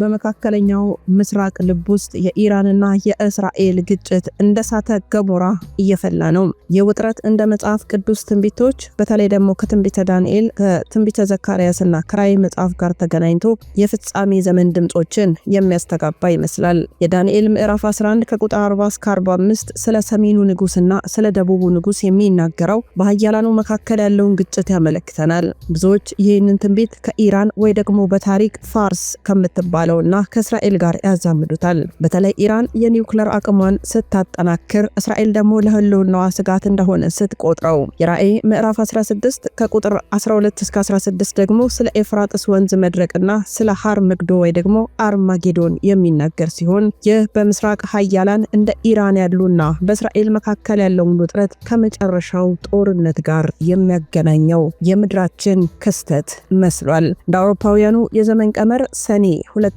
በመካከለኛው ምስራቅ ልብ ውስጥ የኢራንና የእስራኤል ግጭት እንደ ገሞራ እየፈላ ነው። ይህ ውጥረት እንደ መጽሐፍ ቅዱስ ትንቢቶች በተለይ ደግሞ ከትንቢተ ዳንኤል ከትንቢተ ዘካርያስና ከራዕይ መጽሐፍ ጋር ተገናኝቶ የፍጻሜ ዘመን ድምፆችን የሚያስተጋባ ይመስላል። የዳንኤል ምዕራፍ 11 ከቁጥር 40 እስከ 45 ስለ ሰሜኑ ንጉስና ስለ ደቡቡ ንጉስ የሚናገረው በሀያላኑ መካከል ያለውን ግጭት ያመለክተናል። ብዙዎች ይህንን ትንቢት ከኢራን ወይ ደግሞ በታሪክ ፋርስ ከምትባል የተባለውና ከእስራኤል ጋር ያዛምዱታል። በተለይ ኢራን የኒውክለር አቅሟን ስታጠናክር፣ እስራኤል ደግሞ ለህልውናዋ ስጋት እንደሆነ ስትቆጥረው የራእይ ምዕራፍ 16 ከቁጥር 12 እስከ 16 ደግሞ ስለ ኤፍራጥስ ወንዝ መድረቅና ስለ ሃር ምግዶ ወይ ደግሞ አርማጌዶን የሚናገር ሲሆን ይህ በምስራቅ ሀያላን እንደ ኢራን ያሉና በእስራኤል መካከል ያለውን ውጥረት ከመጨረሻው ጦርነት ጋር የሚያገናኘው የምድራችን ክስተት መስሏል። እንደ አውሮፓውያኑ የዘመን ቀመር ሰኔ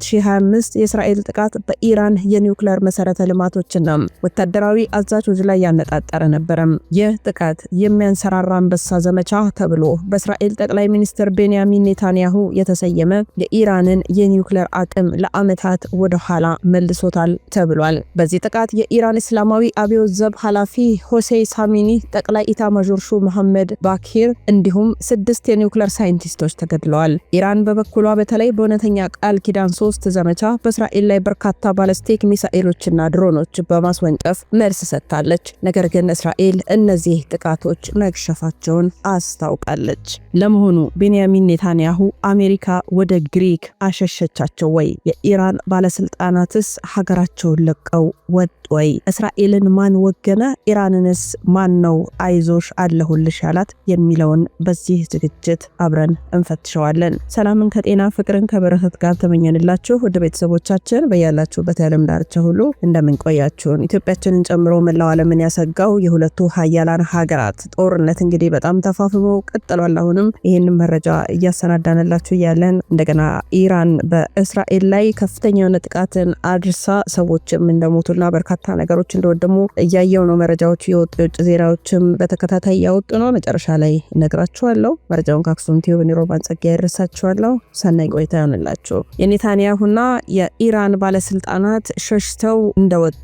2025 የእስራኤል ጥቃት በኢራን የኒውክሌር መሰረተ ልማቶችና ወታደራዊ አዛዦች ላይ ያነጣጠረ ነበረ። ይህ ጥቃት የሚያንሰራራ አንበሳ ዘመቻ ተብሎ በእስራኤል ጠቅላይ ሚኒስትር ቤንያሚን ኔታንያሁ የተሰየመ የኢራንን የኒውክሌር አቅም ለዓመታት ወደ ኋላ መልሶታል ተብሏል። በዚህ ጥቃት የኢራን እስላማዊ አብዮት ዘብ ኃላፊ ሆሴይ ሳሚኒ፣ ጠቅላይ ኢታማዦር ሹም መሐመድ ባኪር እንዲሁም ስድስት የኒውክሌር ሳይንቲስቶች ተገድለዋል። ኢራን በበኩሏ በተለይ በእውነተኛ ቃል ኪዳን ሶስት ዘመቻ በእስራኤል ላይ በርካታ ባለስቲክ ሚሳኤሎችና ድሮኖች በማስወንጨፍ መልስ ሰጥታለች። ነገር ግን እስራኤል እነዚህ ጥቃቶች መክሸፋቸውን አስታውቃለች። ለመሆኑ ቤንያሚን ኔታንያሁ አሜሪካ ወደ ግሪክ አሸሸቻቸው ወይ? የኢራን ባለስልጣናትስ ሀገራቸውን ለቀው ወጡ ወይ? እስራኤልን ማን ወገነ? ኢራንንስ ማን ነው አይዞሽ አለሁልሽ ያላት የሚለውን በዚህ ዝግጅት አብረን እንፈትሸዋለን። ሰላምን ከጤና ፍቅርን ከበረከት ጋር ተመኘንላ የተወደዳችሁ ውድ ቤተሰቦቻችን በያላችሁበት የዓለም ዳርቻ ሁሉ እንደምንቆያችሁን ኢትዮጵያችንን ጨምሮ መላው ዓለምን ያሰጋው የሁለቱ ሀያላን ሀገራት ጦርነት እንግዲህ በጣም ተፋፍሞ ቀጥሏል። አሁንም ይህንን መረጃ እያሰናዳንላችሁ እያለን እንደገና ኢራን በእስራኤል ላይ ከፍተኛ የሆነ ጥቃትን አድርሳ ሰዎችም እንደሞቱና በርካታ ነገሮች እንደወደሙ እያየው ነው። መረጃዎች የወጡ የውጭ ዜናዎችም በተከታታይ እያወጡ ነው። መጨረሻ ላይ እነግራችኋለሁ። መረጃውን ከአክሱም ቲዩብ ኒሮባን ጸጋ ያደርሳችኋለሁ። ሰናይ ቆይታ ይሆንላችሁ። የኔታንያ ኔታንያሁና የኢራን ባለስልጣናት ሸሽተው እንደወጡ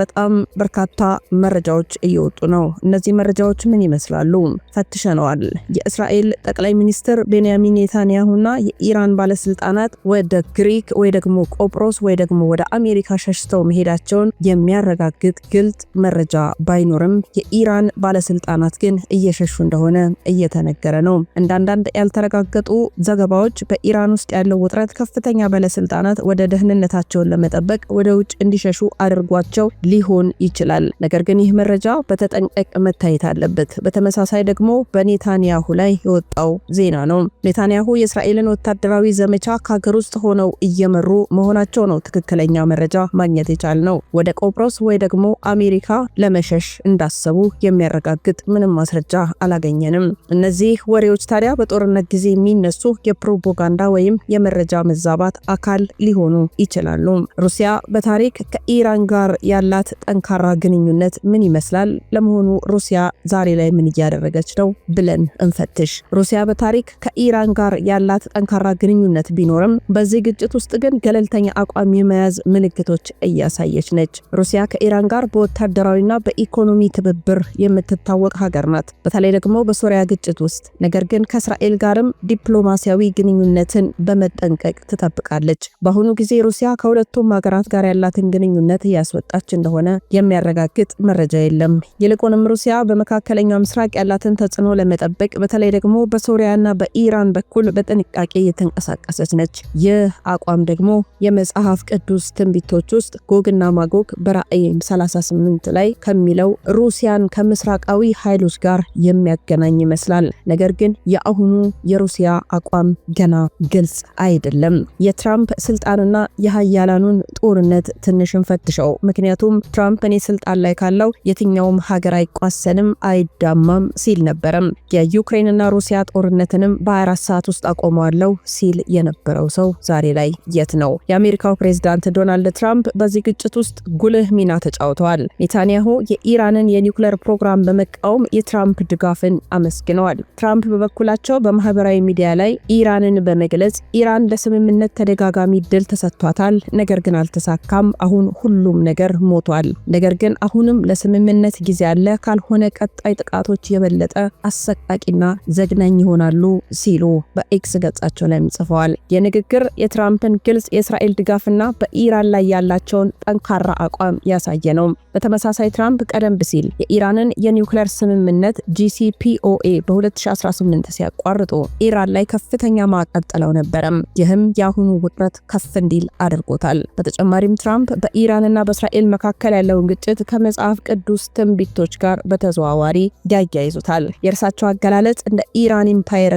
በጣም በርካታ መረጃዎች እየወጡ ነው። እነዚህ መረጃዎች ምን ይመስላሉ? ፈትሸነዋል። የእስራኤል ጠቅላይ ሚኒስትር ቤንያሚን ኔታንያሁና የኢራን ባለስልጣናት ወደ ግሪክ ወይ ደግሞ ቆጵሮስ ወይ ደግሞ ወደ አሜሪካ ሸሽተው መሄዳቸውን የሚያረጋግጥ ግልጽ መረጃ ባይኖርም የኢራን ባለስልጣናት ግን እየሸሹ እንደሆነ እየተነገረ ነው። እንዳንዳንድ ያልተረጋገጡ ዘገባዎች በኢራን ውስጥ ያለው ውጥረት ከፍተኛ ባለስልጣ ባለስልጣናት ወደ ደህንነታቸውን ለመጠበቅ ወደ ውጭ እንዲሸሹ አድርጓቸው ሊሆን ይችላል። ነገር ግን ይህ መረጃ በተጠንቀቅ መታየት አለበት። በተመሳሳይ ደግሞ በኔታንያሁ ላይ የወጣው ዜና ነው። ኔታንያሁ የእስራኤልን ወታደራዊ ዘመቻ ከሀገር ውስጥ ሆነው እየመሩ መሆናቸው ነው ትክክለኛ መረጃ ማግኘት የቻል ነው። ወደ ቆጵሮስ ወይ ደግሞ አሜሪካ ለመሸሽ እንዳሰቡ የሚያረጋግጥ ምንም ማስረጃ አላገኘንም። እነዚህ ወሬዎች ታዲያ በጦርነት ጊዜ የሚነሱ የፕሮፓጋንዳ ወይም የመረጃ መዛባት አካል አካል ሊሆኑ ይችላሉ። ሩሲያ በታሪክ ከኢራን ጋር ያላት ጠንካራ ግንኙነት ምን ይመስላል? ለመሆኑ ሩሲያ ዛሬ ላይ ምን እያደረገች ነው ብለን እንፈትሽ። ሩሲያ በታሪክ ከኢራን ጋር ያላት ጠንካራ ግንኙነት ቢኖርም በዚህ ግጭት ውስጥ ግን ገለልተኛ አቋም የመያዝ ምልክቶች እያሳየች ነች። ሩሲያ ከኢራን ጋር በወታደራዊና በኢኮኖሚ ትብብር የምትታወቅ ሀገር ናት፣ በተለይ ደግሞ በሶሪያ ግጭት ውስጥ። ነገር ግን ከእስራኤል ጋርም ዲፕሎማሲያዊ ግንኙነትን በመጠንቀቅ ትጠብቃለች። በአሁኑ ጊዜ ሩሲያ ከሁለቱም ሀገራት ጋር ያላትን ግንኙነት እያስወጣች እንደሆነ የሚያረጋግጥ መረጃ የለም። ይልቁንም ሩሲያ በመካከለኛው ምስራቅ ያላትን ተጽዕኖ ለመጠበቅ በተለይ ደግሞ በሶሪያና በኢራን በኩል በጥንቃቄ እየተንቀሳቀሰች ነች። ይህ አቋም ደግሞ የመጽሐፍ ቅዱስ ትንቢቶች ውስጥ ጎግና ማጎግ በራእይ 38 ላይ ከሚለው ሩሲያን ከምስራቃዊ ኃይሎች ጋር የሚያገናኝ ይመስላል። ነገር ግን የአሁኑ የሩሲያ አቋም ገና ግልጽ አይደለም። የትራምፕ ስልጣንና የሀያላኑን ጦርነት ትንሽን ፈትሸው። ምክንያቱም ትራምፕ እኔ ስልጣን ላይ ካለው የትኛውም ሀገር አይቋሰንም፣ አይዳማም ሲል ነበረም። የዩክሬንና ሩሲያ ጦርነትንም በ24 ሰዓት ውስጥ አቆመዋለሁ ሲል የነበረው ሰው ዛሬ ላይ የት ነው? የአሜሪካው ፕሬዝዳንት ዶናልድ ትራምፕ በዚህ ግጭት ውስጥ ጉልህ ሚና ተጫውተዋል። ኔታንያሁ የኢራንን የኒውክለር ፕሮግራም በመቃወም የትራምፕ ድጋፍን አመስግነዋል። ትራምፕ በበኩላቸው በማህበራዊ ሚዲያ ላይ ኢራንን በመግለጽ ኢራን ለስምምነት ተደጋጋ ተደጋጋሚ እድል ተሰጥቷታል፣ ነገር ግን አልተሳካም። አሁን ሁሉም ነገር ሞቷል። ነገር ግን አሁንም ለስምምነት ጊዜ አለ፣ ካልሆነ ቀጣይ ጥቃቶች የበለጠ አሰቃቂና ዘግናኝ ይሆናሉ ሲሉ በኤክስ ገጻቸው ላይም ጽፈዋል። የንግግር የትራምፕን ግልጽ የእስራኤል ድጋፍና በኢራን ላይ ያላቸውን ጠንካራ አቋም ያሳየ ነው። በተመሳሳይ ትራምፕ ቀደም ሲል የኢራንን የኒውክሌር ስምምነት ጂሲፒኦኤ በ2018 ሲያቋርጡ ኢራን ላይ ከፍተኛ ማዕቀብ ጥለው ነበረም። ይህም የአሁኑ ውጥረት ትኩረት ከፍ እንዲል አድርጎታል። በተጨማሪም ትራምፕ በኢራንና በእስራኤል መካከል ያለውን ግጭት ከመጽሐፍ ቅዱስ ትንቢቶች ጋር በተዘዋዋሪ ያያይዙታል። የእርሳቸው አገላለጽ እንደ ኢራን ኢምፓየር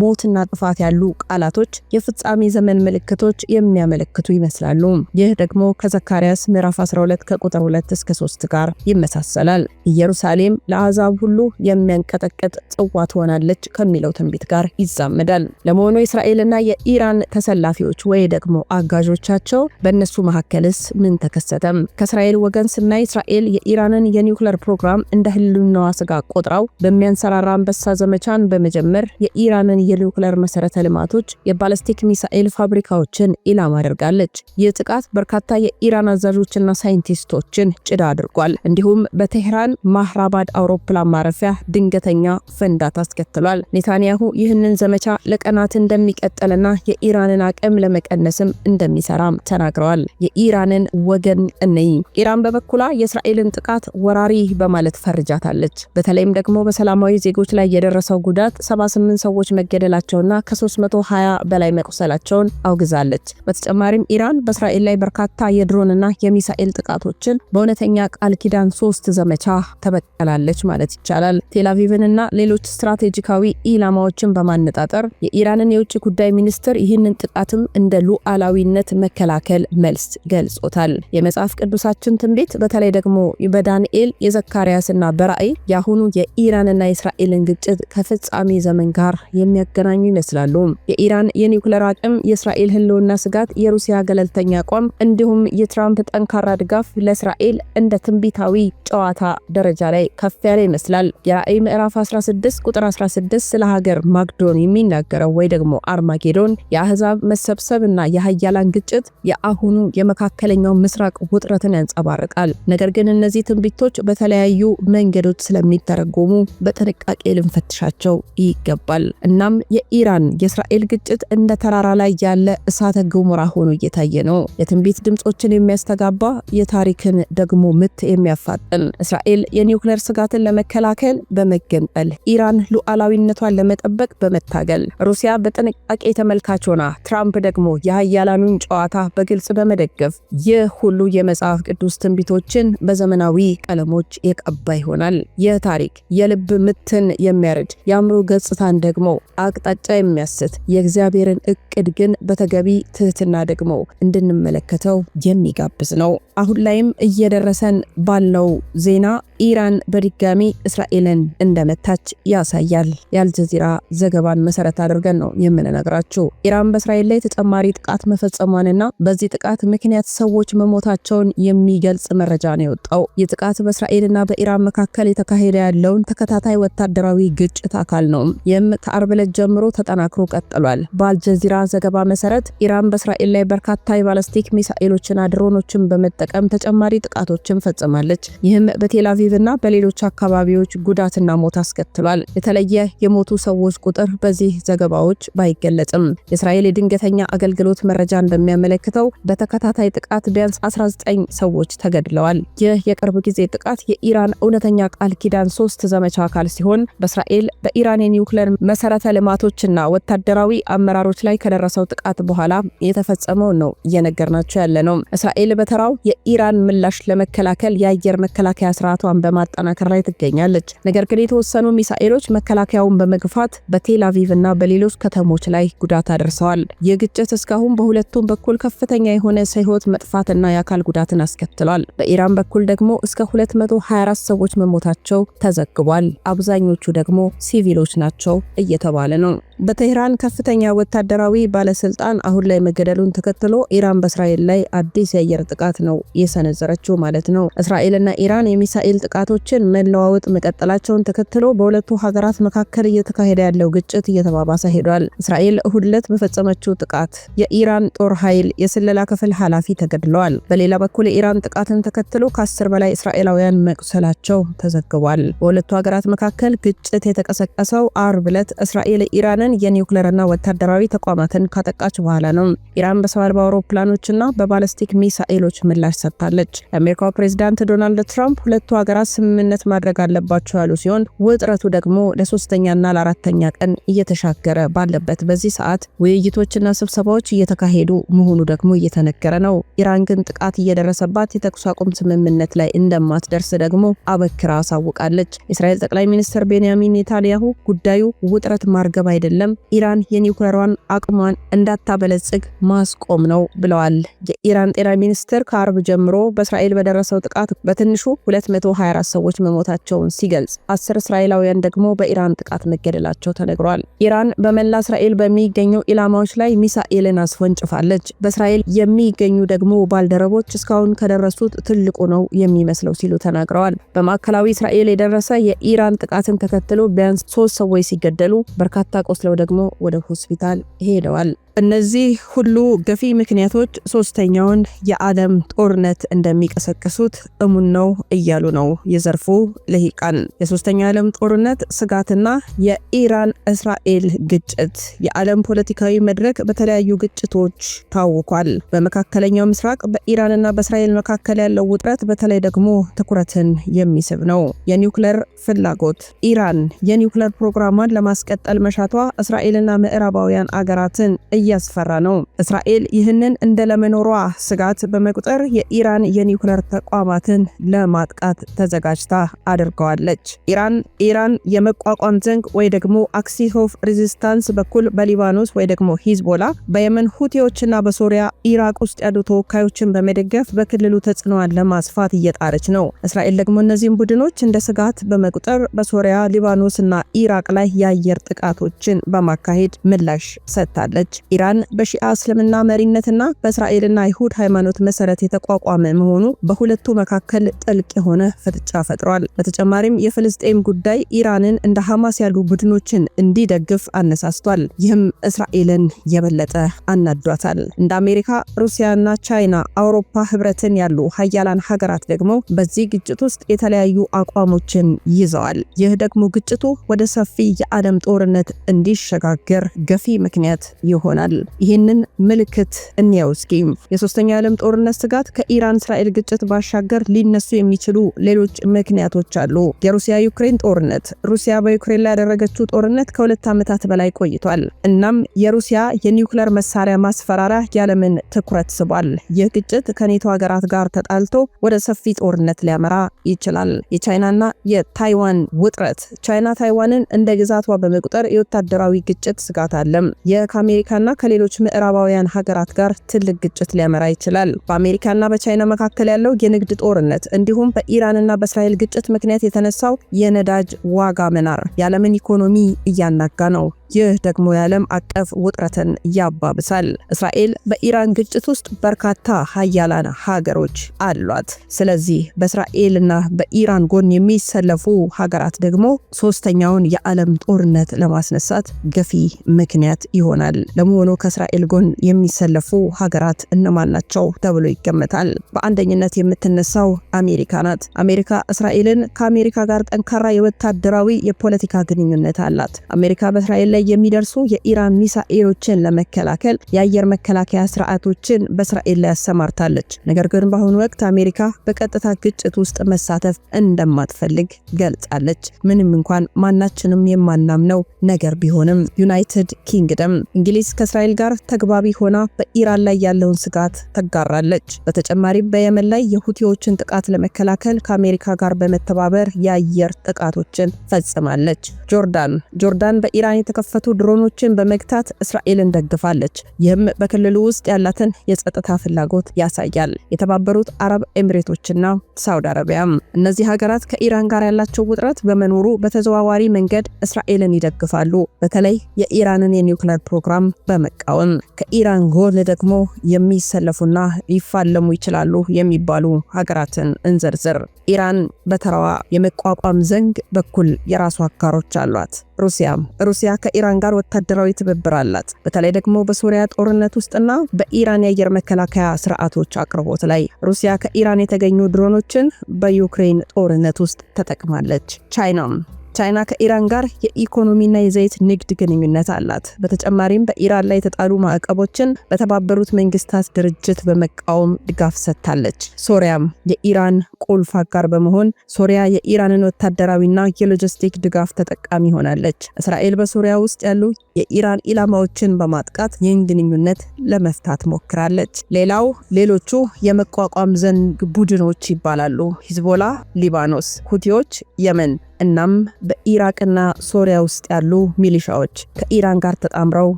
ሞትና ጥፋት ያሉ ቃላቶች የፍጻሜ ዘመን ምልክቶች የሚያመለክቱ ይመስላሉ። ይህ ደግሞ ከዘካርያስ ምዕራፍ 12 ከቁጥር 2 እስከ 3 ጋር ይመሳሰላል። ኢየሩሳሌም ለአሕዛብ ሁሉ የሚያንቀጠቅጥ ጽዋ ትሆናለች ከሚለው ትንቢት ጋር ይዛመዳል። ለመሆኑ የእስራኤልና የኢራን ተሰላፊዎች ወይ ደግሞ አጋዦቻቸው፣ በእነሱ መካከልስ ምን ተከሰተም? ከእስራኤል ወገን ስናይ እስራኤል የኢራንን የኒውክለር ፕሮግራም እንደ ህልውናዋ ስጋ ቆጥራው በሚያንሰራራ አንበሳ ዘመቻን በመጀመር የኢራንን የኒውክለር መሰረተ ልማቶች፣ የባለስቲክ ሚሳኤል ፋብሪካዎችን ኢላማ አድርጋለች። ይህ ጥቃት በርካታ የኢራን አዛዦችና ሳይንቲስቶችን ጭዳ አድርጓል። እንዲሁም በቴህራን ማህራባድ አውሮፕላን ማረፊያ ድንገተኛ ፍንዳታ አስከትሏል። ኔታንያሁ ይህንን ዘመቻ ለቀናት እንደሚቀጥልና የኢራንን አቅም ለመቀ ለመቀነስም እንደሚሰራም ተናግረዋል። የኢራንን ወገን እነይ ኢራን በበኩሏ የእስራኤልን ጥቃት ወራሪ በማለት ፈርጃታለች። በተለይም ደግሞ በሰላማዊ ዜጎች ላይ የደረሰው ጉዳት 78 ሰዎች መገደላቸውና ከ320 በላይ መቁሰላቸውን አውግዛለች። በተጨማሪም ኢራን በእስራኤል ላይ በርካታ የድሮንና የሚሳኤል ጥቃቶችን በእውነተኛ ቃል ኪዳን ሶስት ዘመቻ ተበቀላለች ማለት ይቻላል። ቴላቪቭንና ሌሎች ስትራቴጂካዊ ኢላማዎችን በማነጣጠር የኢራንን የውጭ ጉዳይ ሚኒስትር ይህንን ጥቃትም እንደ ሉዓላዊነት መከላከል መልስ ገልጾታል። የመጽሐፍ ቅዱሳችን ትንቢት በተለይ ደግሞ በዳንኤል የዘካርያስና በራእይ የአሁኑ የኢራንና የእስራኤልን ግጭት ከፍጻሜ ዘመን ጋር የሚያገናኙ ይመስላሉ። የኢራን የኒውክለር አቅም፣ የእስራኤል ህልውና ስጋት፣ የሩሲያ ገለልተኛ አቋም እንዲሁም የትራምፕ ጠንካራ ድጋፍ ለእስራኤል እንደ ትንቢታዊ ጨዋታ ደረጃ ላይ ከፍ ያለ ይመስላል። የራእይ ምዕራፍ 16 ቁጥር 16 ስለ ሀገር ማግዶን የሚናገረው ወይ ደግሞ አርማጌዶን የአህዛብ መሰብሰብና የሀያላን ግጭት የአሁኑ የመካከለኛው ምስራቅ ውጥረትን ያንጸባርቃል። ነገር ግን እነዚህ ትንቢቶች በተለያዩ መንገዶች ስለሚተረጎሙ በጥንቃቄ ልንፈትሻቸው ይገባል። እናም የኢራን የእስራኤል ግጭት እንደ ተራራ ላይ ያለ እሳተ ገሞራ ሆኖ እየታየ ነው። የትንቢት ድምፆችን የሚያስተጋባ፣ የታሪክን ደግሞ ምት የሚያፋጥን። እስራኤል የኒውክሌር ስጋትን ለመከላከል በመገንጠል ኢራን ሉዓላዊነቷን ለመጠበቅ በመታገል ሩሲያ በጥንቃቄ ተመልካች ሆና ትራምፕ ደግሞ የሀያላኑን ጨዋታ በግልጽ በመደገፍ ይህ ሁሉ የመጽሐፍ ቅዱስ ትንቢቶችን በዘመናዊ ቀለሞች የቀባ ይሆናል። ይህ ታሪክ የልብ ምትን የሚያርድ የአእምሮ ገጽታን ደግሞ አቅጣጫ የሚያስት የእግዚአብሔርን እቅድ ግን በተገቢ ትህትና ደግሞ እንድንመለከተው የሚጋብዝ ነው። አሁን ላይም እየደረሰን ባለው ዜና ኢራን በድጋሚ እስራኤልን እንደመታች ያሳያል። የአልጀዚራ ዘገባን መሰረት አድርገን ነው የምንነግራችሁ። ኢራን በእስራኤል ላይ ተጨማሪ ጥቃት መፈጸሟንና በዚህ ጥቃት ምክንያት ሰዎች መሞታቸውን የሚገልጽ መረጃ ነው የወጣው። ይህ ጥቃት በእስራኤልና በኢራን መካከል የተካሄደ ያለውን ተከታታይ ወታደራዊ ግጭት አካል ነው። ይህም ከአርብ ዕለት ጀምሮ ተጠናክሮ ቀጥሏል። በአልጀዚራ ዘገባ መሰረት ኢራን በእስራኤል ላይ በርካታ የባለስቲክ ሚሳኤሎችና ድሮኖችን በመጠቀም ተጨማሪ ጥቃቶችን ፈጽማለች። ይህም በቴላቪ በካቲትና በሌሎች አካባቢዎች ጉዳትና ሞት አስከትሏል። የተለየ የሞቱ ሰዎች ቁጥር በዚህ ዘገባዎች ባይገለጽም የእስራኤል የድንገተኛ አገልግሎት መረጃ እንደሚያመለክተው በተከታታይ ጥቃት ቢያንስ 19 ሰዎች ተገድለዋል። ይህ የቅርብ ጊዜ ጥቃት የኢራን እውነተኛ ቃል ኪዳን ሶስት ዘመቻ አካል ሲሆን በእስራኤል በኢራን የኒውክሌር መሰረተ ልማቶችና ወታደራዊ አመራሮች ላይ ከደረሰው ጥቃት በኋላ የተፈጸመው ነው እየነገርናቸው ያለ ነው። እስራኤል በተራው የኢራን ምላሽ ለመከላከል የአየር መከላከያ ስርዓቱ ኃይሎቿን በማጠናከር ላይ ትገኛለች። ነገር ግን የተወሰኑ ሚሳኤሎች መከላከያውን በመግፋት በቴል አቪቭ እና በሌሎች ከተሞች ላይ ጉዳት አደርሰዋል። ይህ ግጭት እስካሁን በሁለቱም በኩል ከፍተኛ የሆነ ህይወት መጥፋትና የአካል ጉዳትን አስከትሏል። በኢራን በኩል ደግሞ እስከ 224 ሰዎች መሞታቸው ተዘግቧል። አብዛኞቹ ደግሞ ሲቪሎች ናቸው እየተባለ ነው። በቴህራን ከፍተኛ ወታደራዊ ባለስልጣን አሁን ላይ መገደሉን ተከትሎ ኢራን በእስራኤል ላይ አዲስ የአየር ጥቃት ነው የሰነዘረችው ማለት ነው። እስራኤልና ኢራን የሚሳኤል ጥቃቶችን መለዋወጥ መቀጠላቸውን ተከትሎ በሁለቱ ሀገራት መካከል እየተካሄደ ያለው ግጭት እየተባባሰ ሄዷል። እስራኤል እሁድ ዕለት በፈጸመችው ጥቃት የኢራን ጦር ኃይል የስለላ ክፍል ኃላፊ ተገድለዋል። በሌላ በኩል የኢራን ጥቃትን ተከትሎ ከአስር በላይ እስራኤላውያን መቁሰላቸው ተዘግቧል። በሁለቱ ሀገራት መካከል ግጭት የተቀሰቀሰው አርብ ዕለት እስራኤል ኢራንን ኢራን የኒውክሌርና ወታደራዊ ተቋማትን ካጠቃች በኋላ ነው። ኢራን በሰው አልባ አውሮፕላኖችና በባለስቲክ ሚሳኤሎች ምላሽ ሰጥታለች። የአሜሪካው ፕሬዚዳንት ዶናልድ ትራምፕ ሁለቱ ሀገራት ስምምነት ማድረግ አለባቸው ያሉ ሲሆን ውጥረቱ ደግሞ ለሶስተኛና ለአራተኛ ቀን እየተሻገረ ባለበት በዚህ ሰዓት ውይይቶችና ስብሰባዎች እየተካሄዱ መሆኑ ደግሞ እየተነገረ ነው። ኢራን ግን ጥቃት እየደረሰባት የተኩስ አቁም ስምምነት ላይ እንደማትደርስ ደግሞ አበክራ አሳውቃለች። የእስራኤል ጠቅላይ ሚኒስትር ቤንያሚን ኔታንያሁ ጉዳዩ ውጥረት ማርገብ አይደለም አይደለም ኢራን የኒውክለሯን አቅሟን እንዳታበለጽግ ማስቆም ነው ብለዋል። የኢራን ጤና ሚኒስትር ከአርብ ጀምሮ በእስራኤል በደረሰው ጥቃት በትንሹ 224 ሰዎች መሞታቸውን ሲገልጽ አስር እስራኤላውያን ደግሞ በኢራን ጥቃት መገደላቸው ተነግሯል። ኢራን በመላ እስራኤል በሚገኙ ኢላማዎች ላይ ሚሳኤልን አስወንጭፋለች። በእስራኤል የሚገኙ ደግሞ ባልደረቦች እስካሁን ከደረሱት ትልቁ ነው የሚመስለው ሲሉ ተናግረዋል። በማዕከላዊ እስራኤል የደረሰ የኢራን ጥቃትን ተከትሎ ቢያንስ ሶስት ሰዎች ሲገደሉ በርካታ ቆስ ተወስለው ደግሞ ወደ ሆስፒታል ሄደዋል። እነዚህ ሁሉ ገፊ ምክንያቶች ሶስተኛውን የዓለም ጦርነት እንደሚቀሰቅሱት እሙን ነው እያሉ ነው የዘርፉ ልሂቃን። የሶስተኛው የዓለም ጦርነት ስጋትና የኢራን እስራኤል ግጭት የዓለም ፖለቲካዊ መድረክ በተለያዩ ግጭቶች ታውኳል። በመካከለኛው ምስራቅ በኢራንና በእስራኤል መካከል ያለው ውጥረት በተለይ ደግሞ ትኩረትን የሚስብ ነው። የኒውክለር ፍላጎት ኢራን የኒውክለር ፕሮግራሟን ለማስቀጠል መሻቷ እስራኤልና ምዕራባውያን አገራትን እያስፈራ ነው። እስራኤል ይህንን እንደ ለመኖሯ ስጋት በመቁጠር የኢራን የኒውክለር ተቋማትን ለማጥቃት ተዘጋጅታ አድርገዋለች። ኢራን ኢራን የመቋቋም ዘንግ ወይ ደግሞ አክሲስ ኦፍ ሬዚስታንስ በኩል በሊባኖስ ወይ ደግሞ ሂዝቦላ በየመን ሁቴዎችና በሶሪያ ኢራቅ ውስጥ ያሉ ተወካዮችን በመደገፍ በክልሉ ተጽዕኖዋን ለማስፋት እየጣረች ነው። እስራኤል ደግሞ እነዚህም ቡድኖች እንደ ስጋት በመቁጠር በሶሪያ ሊባኖስና ኢራቅ ላይ የአየር ጥቃቶችን በማካሄድ ምላሽ ሰጥታለች። ኢራን በሺአ እስልምና መሪነትና በእስራኤልና ይሁድ ሃይማኖት መሰረት የተቋቋመ መሆኑ በሁለቱ መካከል ጥልቅ የሆነ ፍጥጫ ፈጥሯል። በተጨማሪም የፍልስጤም ጉዳይ ኢራንን እንደ ሐማስ ያሉ ቡድኖችን እንዲደግፍ አነሳስቷል። ይህም እስራኤልን የበለጠ አናዷታል። እንደ አሜሪካ፣ ሩሲያና ቻይና፣ አውሮፓ ህብረትን ያሉ ሀያላን ሀገራት ደግሞ በዚህ ግጭት ውስጥ የተለያዩ አቋሞችን ይዘዋል። ይህ ደግሞ ግጭቱ ወደ ሰፊ የዓለም ጦርነት እንዲሸጋገር ገፊ ምክንያት ይሆናል። ይሆናል። ይህንን ምልክት እንየው እስኪ። የሶስተኛው የዓለም ጦርነት ስጋት ከኢራን እስራኤል ግጭት ባሻገር ሊነሱ የሚችሉ ሌሎች ምክንያቶች አሉ። የሩሲያ ዩክሬን ጦርነት ሩሲያ በዩክሬን ላይ ያደረገችው ጦርነት ከሁለት ዓመታት በላይ ቆይቷል። እናም የሩሲያ የኒውክለር መሳሪያ ማስፈራሪያ ያለምን ትኩረት ስቧል። ይህ ግጭት ከኔቶ ሀገራት ጋር ተጣልቶ ወደ ሰፊ ጦርነት ሊያመራ ይችላል። የቻይናና የታይዋን ውጥረት ቻይና ታይዋንን እንደ ግዛቷ በመቁጠር የወታደራዊ ግጭት ስጋት አለም። ይህ ከአሜሪካና ከሌሎች ምዕራባውያን ሀገራት ጋር ትልቅ ግጭት ሊያመራ ይችላል። በአሜሪካና በቻይና መካከል ያለው የንግድ ጦርነት እንዲሁም በኢራንና በእስራኤል ግጭት ምክንያት የተነሳው የነዳጅ ዋጋ መናር የዓለምን ኢኮኖሚ እያናጋ ነው። ይህ ደግሞ የዓለም አቀፍ ውጥረትን ያባብሳል። እስራኤል በኢራን ግጭት ውስጥ በርካታ ሀያላን ሀገሮች አሏት። ስለዚህ በእስራኤልና በኢራን ጎን የሚሰለፉ ሀገራት ደግሞ ሶስተኛውን የዓለም ጦርነት ለማስነሳት ገፊ ምክንያት ይሆናል። ለመሆኑ ከእስራኤል ጎን የሚሰለፉ ሀገራት እነማን ናቸው ተብሎ ይገመታል? በአንደኝነት የምትነሳው አሜሪካ ናት። አሜሪካ እስራኤልን ከአሜሪካ ጋር ጠንካራ የወታደራዊ የፖለቲካ ግንኙነት አላት። አሜሪካ በእስራኤል ላይ የሚደርሱ የኢራን ሚሳኤሎችን ለመከላከል የአየር መከላከያ ስርዓቶችን በእስራኤል ላይ ያሰማርታለች። ነገር ግን በአሁኑ ወቅት አሜሪካ በቀጥታ ግጭት ውስጥ መሳተፍ እንደማትፈልግ ገልጻለች። ምንም እንኳን ማናችንም የማናምነው ነገር ቢሆንም ዩናይትድ ኪንግደም እንግሊዝ ከእስራኤል ጋር ተግባቢ ሆና በኢራን ላይ ያለውን ስጋት ተጋራለች። በተጨማሪም በየመን ላይ የሁቲዎችን ጥቃት ለመከላከል ከአሜሪካ ጋር በመተባበር የአየር ጥቃቶችን ፈጽማለች። ጆርዳን ጆርዳን በኢራን የተከፈ የተከፈቱ ድሮኖችን በመግታት እስራኤልን ደግፋለች። ይህም በክልሉ ውስጥ ያላትን የጸጥታ ፍላጎት ያሳያል። የተባበሩት አረብ ኤሚሬቶችና ሳውዲ አረቢያ እነዚህ ሀገራት ከኢራን ጋር ያላቸው ውጥረት በመኖሩ በተዘዋዋሪ መንገድ እስራኤልን ይደግፋሉ። በተለይ የኢራንን የኒውክሌር ፕሮግራም በመቃወም ከኢራን ጎን ደግሞ የሚሰለፉና ሊፋለሙ ይችላሉ የሚባሉ ሀገራትን እንዘርዝር። ኢራን በተራዋ የመቋቋም ዘንግ በኩል የራሷ አጋሮች አሏት። ሩሲያ ሩሲያ ከኢራን ጋር ወታደራዊ ትብብር አላት። በተለይ ደግሞ በሶሪያ ጦርነት ውስጥና በኢራን የአየር መከላከያ ስርዓቶች አቅርቦት ላይ ሩሲያ ከኢራን የተገኙ ድሮኖችን በዩክሬን ጦርነት ውስጥ ተጠቅማለች። ቻይናም ቻይና ከኢራን ጋር የኢኮኖሚና የዘይት ንግድ ግንኙነት አላት። በተጨማሪም በኢራን ላይ የተጣሉ ማዕቀቦችን በተባበሩት መንግስታት ድርጅት በመቃወም ድጋፍ ሰጥታለች። ሶሪያም የኢራን ቁልፍ አጋር በመሆን ሶሪያ የኢራንን ወታደራዊና የሎጂስቲክ ድጋፍ ተጠቃሚ ሆናለች። እስራኤል በሶሪያ ውስጥ ያሉ የኢራን ኢላማዎችን በማጥቃት ይህን ግንኙነት ለመፍታት ሞክራለች። ሌላው ሌሎቹ የመቋቋም ዘንግ ቡድኖች ይባላሉ። ሂዝቦላ ሊባኖስ፣ ሁቲዎች የመን እናም በኢራቅና ሶሪያ ውስጥ ያሉ ሚሊሻዎች ከኢራን ጋር ተጣምረው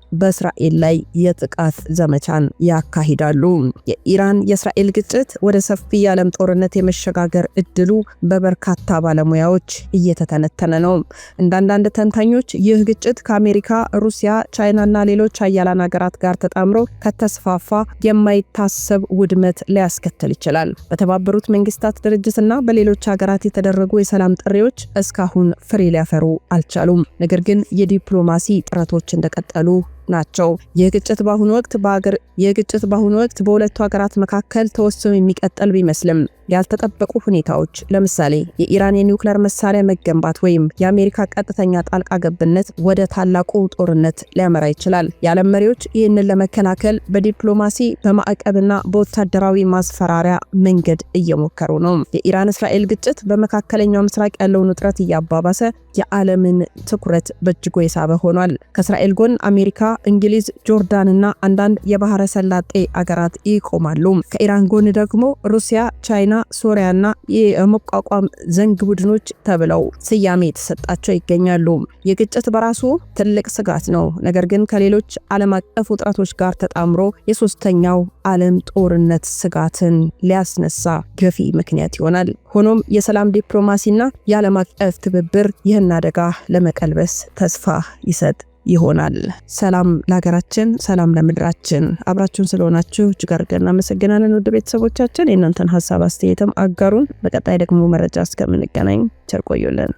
በእስራኤል ላይ የጥቃት ዘመቻን ያካሂዳሉ። የኢራን የእስራኤል ግጭት ወደ ሰፊ የዓለም ጦርነት የመሸጋገር እድሉ በበርካታ ባለሙያዎች እየተተነተነ ነው። እንዳንዳንድ ተንታኞች ይህ ግጭት ከአሜሪካ፣ ሩሲያ፣ ቻይናና ሌሎች አያላን ሀገራት ጋር ተጣምሮ ከተስፋፋ የማይታሰብ ውድመት ሊያስከትል ይችላል። በተባበሩት መንግስታት ድርጅትና በሌሎች ሀገራት የተደረጉ የሰላም ጥሪዎች እስካሁን ፍሬ ሊያፈሩ አልቻሉም። ነገር ግን የዲፕሎማሲ ጥረቶች እንደቀጠሉ ናቸው። የግጭት በአሁኑ ወቅት በአገር የግጭት በአሁኑ ወቅት በሁለቱ ሀገራት መካከል ተወስኖ የሚቀጥል ቢመስልም ያልተጠበቁ ሁኔታዎች ለምሳሌ የኢራን የኒውክሌር መሳሪያ መገንባት ወይም የአሜሪካ ቀጥተኛ ጣልቃ ገብነት ወደ ታላቁ ጦርነት ሊያመራ ይችላል። የዓለም መሪዎች ይህንን ለመከላከል በዲፕሎማሲ በማዕቀብና በወታደራዊ ማስፈራሪያ መንገድ እየሞከሩ ነው። የኢራን እስራኤል ግጭት በመካከለኛው ምስራቅ ያለውን ውጥረት እያባባሰ የዓለምን ትኩረት በእጅጉ የሳበ ሆኗል። ከእስራኤል ጎን አሜሪካ፣ እንግሊዝ፣ ጆርዳንና አንዳንድ የባህረ ሰላጤ አገራት ይቆማሉ። ከኢራን ጎን ደግሞ ሩሲያ፣ ቻይና፣ ሶሪያና የመቋቋም ዘንግ ቡድኖች ተብለው ስያሜ የተሰጣቸው ይገኛሉ። የግጭት በራሱ ትልቅ ስጋት ነው። ነገር ግን ከሌሎች ዓለም አቀፍ ውጥረቶች ጋር ተጣምሮ የሶስተኛው ዓለም ጦርነት ስጋትን ሊያስነሳ ገፊ ምክንያት ይሆናል። ሆኖም የሰላም ዲፕሎማሲና የዓለም አቀፍ ትብብር ይህን አደጋ ለመቀልበስ ተስፋ ይሰጥ ይሆናል። ሰላም ለሀገራችን፣ ሰላም ለምድራችን። አብራችሁን ስለሆናችሁ እጅግ አድርገን እናመሰግናለን። ውድ ቤተሰቦቻችን የእናንተን ሀሳብ አስተያየትም አጋሩን። በቀጣይ ደግሞ መረጃ እስከምንገናኝ ቸር ቆዩልን።